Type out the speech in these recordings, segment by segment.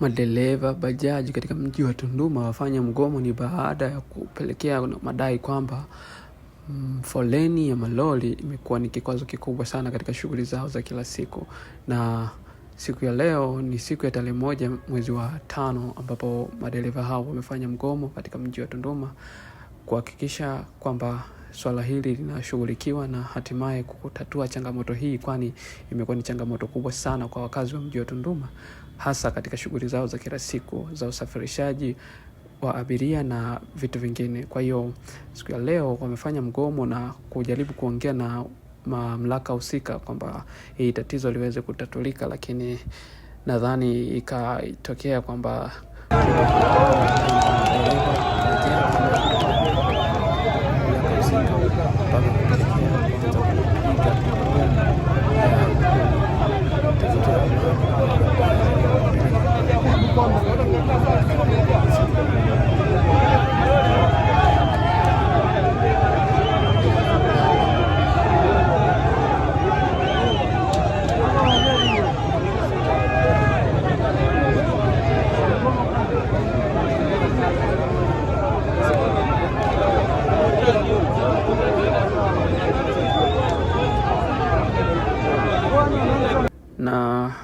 Madereva bajaji katika mji wa Tunduma wafanya mgomo ni baada ya kupelekea madai kwamba mm, foleni ya malori imekuwa ni kikwazo kikubwa sana katika shughuli zao za kila siku. Na siku ya leo ni siku ya tarehe moja mwezi wa tano ambapo madereva hao wamefanya mgomo katika mji wa Tunduma kuhakikisha kwamba swala hili linashughulikiwa na hatimaye kutatua changamoto hii, kwani imekuwa ni changamoto kubwa sana kwa wakazi wa mji wa Tunduma, hasa katika shughuli zao za kila siku za usafirishaji wa abiria na vitu vingine. Kwa hiyo siku ya leo wamefanya mgomo na kujaribu kuongea na mamlaka husika kwamba hii tatizo liweze kutatulika, lakini nadhani ikatokea kwamba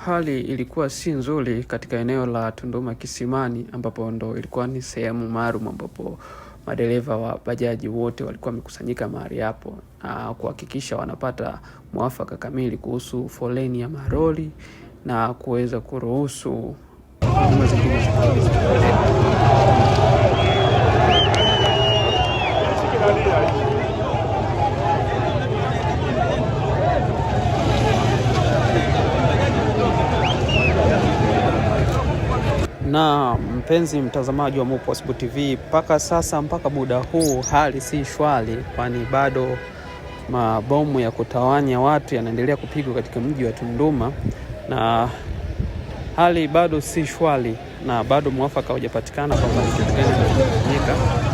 hali ilikuwa si nzuri katika eneo la Tunduma Kisimani, ambapo ndo ilikuwa ni sehemu maalum ambapo madereva wa bajaji wote walikuwa wamekusanyika mahali hapo kuhakikisha wanapata mwafaka kamili kuhusu foleni ya maroli na kuweza kuruhusu mpenzi mtazamaji wa Mopossible TV, mpaka sasa, mpaka muda huu hali si shwari, kwani bado mabomu ya kutawanya watu yanaendelea kupigwa katika mji wa Tunduma na hali bado si shwari na bado mwafaka haujapatikana kwamba ni kitu gani kinafanyika.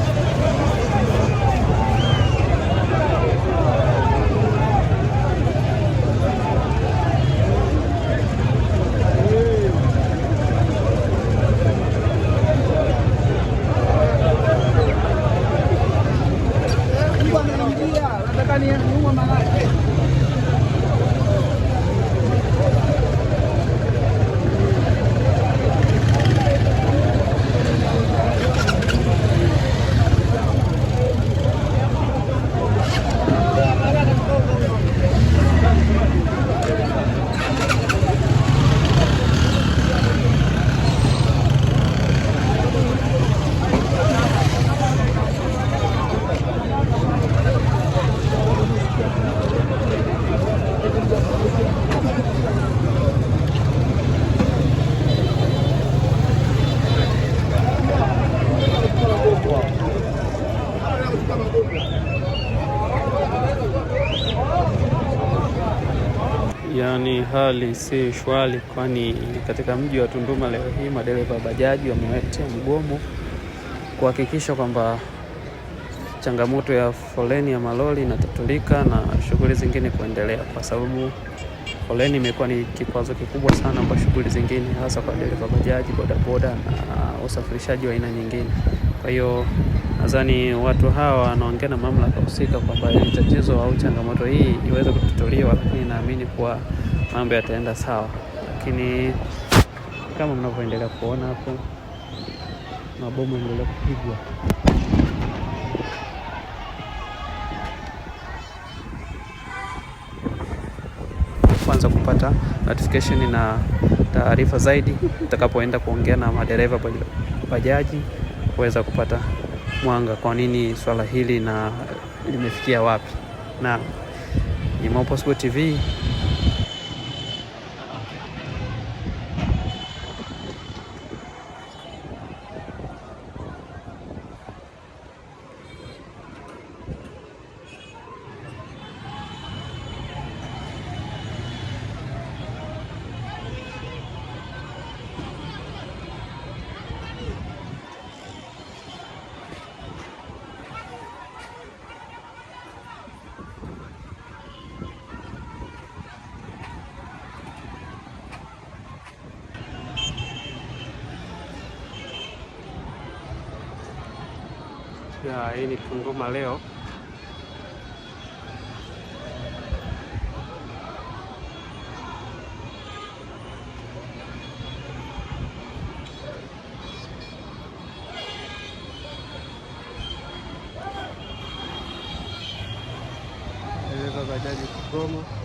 Yaani hali si shwari, kwani katika mji wa Tunduma leo hii madereva wa bajaji wamewetea mgomo kuhakikisha kwamba changamoto ya foleni ya malori inatatulika na shughuli zingine kuendelea, kwa sababu foleni imekuwa ni kikwazo kikubwa sana kwa shughuli zingine, hasa kwa dereva bajaji, bodaboda na usafirishaji wa aina nyingine. Kwa hiyo nadhani watu hawa wanaongea na mamlaka husika kwamba hili tatizo au changamoto hii iweze kutatuliwa, lakini naamini kuwa mambo yataenda sawa, lakini kama mnavyoendelea kuona hapo, mabomu yanaendelea kupigwa. Kwanza kupata notification na taarifa zaidi nitakapoenda kuongea na madereva bajaji kuweza kupata mwanga, kwa nini swala hili na limefikia wapi. Na ni Mopossible TV. ya hii ni tunduma leo bajaji Kigoma.